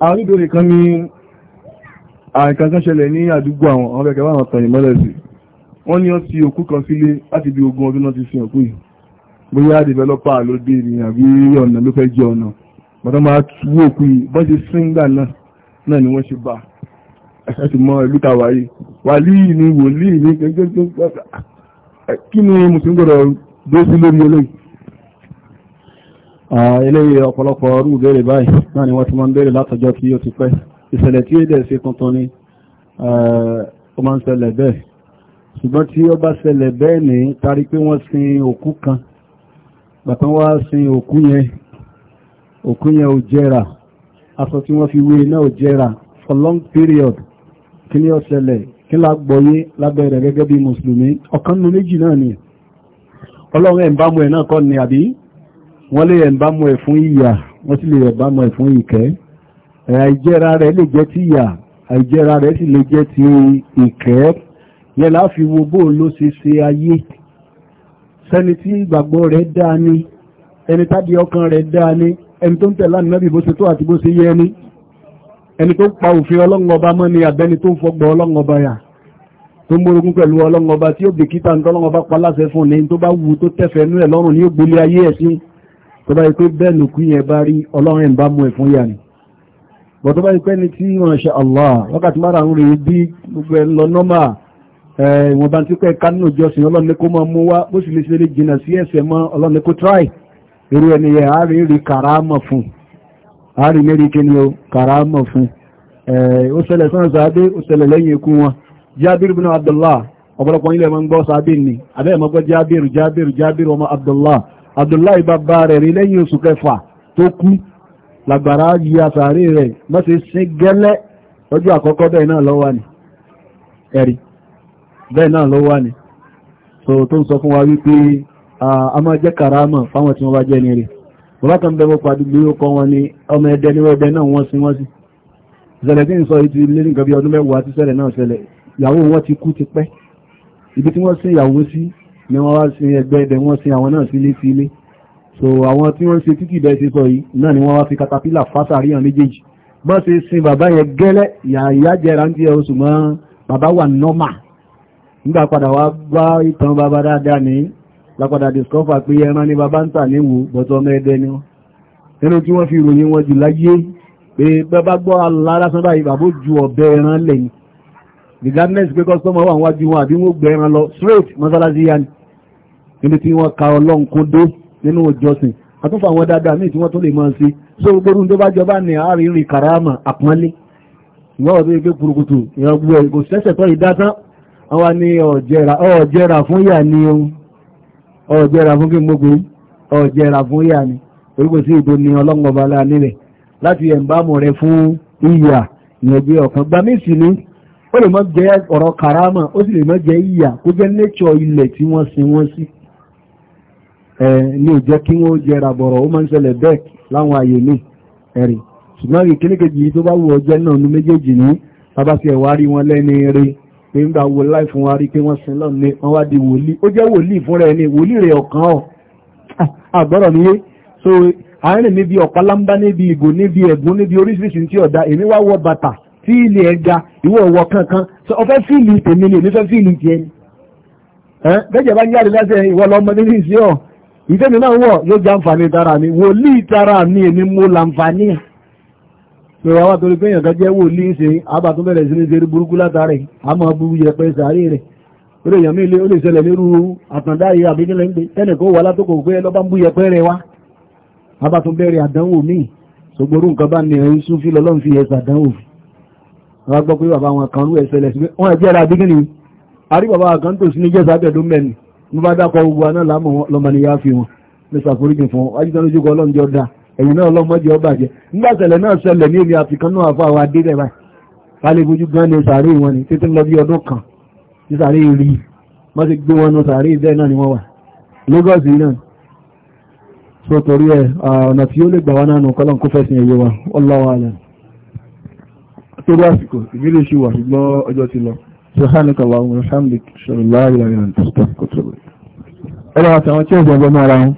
àwọn oníbèrè kan ní àìkankan ṣẹlẹ̀ ní àdúgbò àwọn ọmọ ẹ̀kẹ́ wọ́n tàn ìmọ́lẹ̀ sí wọ́n ní ó ti òkú kan sílé láti bí ogún ọdún náà ti sin òkú yìí bóyá dìvẹ́lọ́pà ló dé ní àbí ọ̀nà ló fẹ́ jẹ ọ̀nà bọ́dọ́ máa tú òkú yìí bọ́ ṣe síngbà náà náà ni wọ́n ṣe bá ẹ̀ṣẹ́ ti mọ ìlú tàwa yìí wàlíì ni wòlíì ni kí Ah, eléyìí ọ̀pọ̀lọpọ̀ ọrú ìbéèrè báyìí náà ni wọ́n ti máa ń béèrè látọjọ́ tí ó ti pẹ́ ìṣẹ̀lẹ̀ tí èdè ṣe tuntun ni eh, ó máa ń ṣẹlẹ̀ bẹ́ẹ̀ ṣùgbọ́n tí ó bá ṣẹlẹ̀ bẹ́ẹ̀ ní tarí pé wọ́n sin òkú kan bàtán wá sin òkú yẹn òkú yẹn ò jẹ́ra aṣọ tí wọ́n fi wé e náà ò jẹ́ra for long period kí ni ó kí la gbọ́yé lábẹ́ rẹ̀ gẹ́gẹ́ bí mùsùlùmí ọ̀kan nínú méjì náà ni ọlọ́run ẹ̀ ń bá mu ẹ̀ náà kọ́ ni àbí wọ́n lè yẹn bá mọ́ ẹ̀ fún ìyà wọ́n sì lè yẹn bá mọ́ ẹ̀ fún ìkẹ́ àìjẹ́ra rẹ̀ lè jẹ́ ti ìyà àìjẹ́ra rẹ̀ sì lè jẹ́ ti ìkẹ́ yẹn láfi wo bó ló ṣe ṣe ayé sẹ́ni tí ìgbàgbọ́ rẹ̀ dáa ní ẹni tàbí ọkàn rẹ̀ dáa ní ẹni tó ń tẹ̀ láàrin náà bí bó ṣe tó àti bó ṣe yẹ ní ẹni tó pa òfin ọlọ́run mọ́ ni àbẹ́ni tó ń fọgbọ́ ọlọ́run yà tó ń mórogún pẹ̀lú ọlọ́run tí ó bìkítà ń tọ́lọ́run ọba fún ni tó bá wù tó tẹ̀fẹ̀ẹ́nú ẹ̀ lọ́rùn ní ògbélé ayé ẹ̀ sí tó bá yí pé bẹ́ẹ̀ lùkú yẹn bá rí ọlọ́run ẹ̀ ń bá mú ẹ̀ fún yà ni bọ̀ tó bá yí pé ní tí wọ́n ṣe allah wákàtí mara ń rí bí gbogbo ẹ̀ lọ nọ́mà ìwọ̀n bá ń típẹ́ kánú jọsìn ọlọ́run kó máa mú wá bó sì lè ṣe lè jìnnà sí ẹ̀sẹ̀ mọ́ ọlọ́run kó try irú ẹni yẹn á rí kàrámọ̀ fún á rí kíni o kàrámọ̀ fún ó ṣẹlẹ̀ sọ́nà sàádé ó ṣẹlẹ̀ lẹ́yìn ikú wọn jábìrì bin abdullah ọ̀pọ̀lọpọ̀ ilẹ̀ mọ́ ń gbọ́ sàádé ni abẹ́ẹ̀ mọ́ gbọ́ jábìrì jábìrì jábìrì ọmọ abdullah Abdullahi bàbá rẹ̀ rí lẹ́yìn oṣù kẹfà tó kú làgbàrá yí àsàrí rẹ̀ mọ́sí sí gẹ́lẹ́ lọ́jọ́ àkọ́kọ́ bẹ́ẹ̀ náà ló wà ní ẹ̀rí bẹ́ẹ̀ náà ló wà ní so tó ń sọ fún wa wípé a máa jẹ́ kàrámà fáwọn tí wọ́n bá jẹ́ ní rẹ̀ bọ́lákan bẹ́ẹ̀ mọ́ pàdúgbé ó kọ́ wọn ni ọmọ ẹdẹ ní ẹdẹ náà wọ́n sí wọ́n sí ìṣẹ̀lẹ̀ tí ń sọ ìtì lé nǹkan bí ọdún mẹ́wàá tí ṣẹlẹ̀ náà ṣẹlẹ̀ ìyàwó wọn ti kú ti pẹ́ ibi tí wọ́n sí ìyàwó sí ni wọ́n wá sí ẹgbẹ́ ẹgbẹ́ wọ́n sí àwọn náà sílé sílé so àwọn tí wọ́n ṣe títí ìbẹ́ ṣe sọ yìí náà ni wọ́n wá fi katapila fásàrí hàn méjèèjì bọ́ ṣe sin bàbá yẹn gẹ́lẹ́ ìyá jẹra ń tiẹ̀ oṣù mọ́ bàbá wà nọ́mà nígbà padà wá bá ìtàn bàbá dáadáa ní lápadà discover pé ẹran ni bàbá ń tà níwò bọ́tọ́ ọmọ ẹdẹ ni wọ́n nínú tí wọ́n fi ròyìn wọn jù láyé pé bàbá gbọ́ alárásán báyìí bàbó ju ọ̀bẹ ẹran lẹ́yìn regardless pé customer wà wájú wọn àbí wọ́n gbẹ ẹran lọ straight mọ́sálásí yá ni níbi tí wọ́n ka ọlọ́run kó dé nínú ìjọsìn àtúnfà àwọn dáadáa míì tí wọ́n tó lè máa ṣe so gbogbo tó bá jọba ní àárín rìn kàráàmà àpọ́nlé ìwọ́n ọ̀dọ́ ìgbé kùrùkùtù ìrọ̀gbọ̀ ìgò sẹ́sẹ̀ tó ìdátán àwọn ni ọ̀jẹ̀rà fún yà ni ọ̀jẹ̀rà fún kí n gbogbo ọ̀jẹ̀rà fún yà ni orúkọ sí ìbò ni ọlọ́ngọba láàrin láti ẹ̀mbámu rẹ fún ìyà ìyẹ̀gbẹ́ ọ̀kan gba mí sí ni ó lè má jẹ́ ọ̀rọ̀ kàráàmà ó sì lè má jẹ́ ìyà kó jẹ́ nature ilẹ̀ tí wọ́n sin wọ́n sí ní ò jẹ́ kí wọ́n jẹra bọ̀rọ̀ ó máa ń ṣẹlẹ̀ bẹ́ẹ̀ láwọn àyè mi ẹ̀rì ṣùgbọ́n rí kíníkejì tó bá wù ọjẹ́ náà ní méjèèjì ní bàbá sí ẹ̀wà rí wọn lẹ́ni rí pé ń bá wo láì fún wa rí pé wọ́n sin lọ́nà ní wọ́n wá di wòlíì ó jẹ́ wòlíì fúnra ẹni wòlíì rẹ̀ ọ̀kan ọ̀ ah, àgbọ́rọ̀ mi so àárín níbi ọ̀pálámbá níbi ìgò níbi ẹ̀gbọ́n níbi oríṣiríṣi tí ọ̀dà èmi wá wọ bàtà tí ilé ìwọ ọwọ kankan so ọfẹ́ fíìlì tèmi ni èmi fẹ́ fíìlì tiẹ̀ ni bẹ́ẹ̀ jẹ́ bá ń yára lẹ́sẹ̀ ìwọ lọ́mọ nínú ìsí ọ̀ ìtẹ́mi náà wọ̀ yóò jẹ́ àǹfààní tara mi wòlíì tara mi èmi mú làǹfààní ẹ̀ pẹ̀lú àwọn àtòrí pé èèyàn jẹ́ wòlíì ṣe àbá tó bẹ̀rẹ̀ sí ní ṣeré burúkú látàrí àmọ́ burú yẹpẹ sàárè rẹ̀ orí èèyàn mi ó lè ṣẹlẹ̀ nírú àtàndá yìí àbí nílẹ̀ ń gbé tẹ́lẹ̀ kó wà látòkò pé ẹ lọ́bá ń bú yẹpẹ rẹ̀ wá àbá tó bẹ̀rẹ̀ àdánwò míì ṣògbórú nǹkan bá nìyẹn sún fi lọ́lọ́run fi ẹ̀sà àdánwò wọ́n gbọ́ pé bàbá wọn kan rú ẹ̀ṣẹ̀lẹ̀ sí pé wọ́n ẹ̀jẹ̀ ra bí kí ni àrí bàbá kan tòsí ní jẹ́sà bẹ̀ẹ́dọ́ mẹ́rin mo bá dákọ̀ gbogbo aná lámọ̀ wọn lọ́mọ ni yá fi wọn lè ṣàforíjì fún wọn wájú tánú jókòó ọlọ́run jọ dá ẹ̀yìn náà ọlọ́mọ jẹ́ ọba jẹ́ nígbà ṣẹlẹ̀ náà ṣẹlẹ̀ ní èmi àfikàn náà àfọ àwọn adé rẹ̀ báyìí kálí fojú gan ni sàárè wọn ni títí lọ bí ọdún kan tí sàárè rí wọ́n ti gbé wọn nu sàárè bẹ́ẹ̀ náà ni wọ́n wà Lagos náà so torí ẹ ọlọ́wọ́ àtàwọn tí ó gbọ́gbọ́ mọ́ra wọn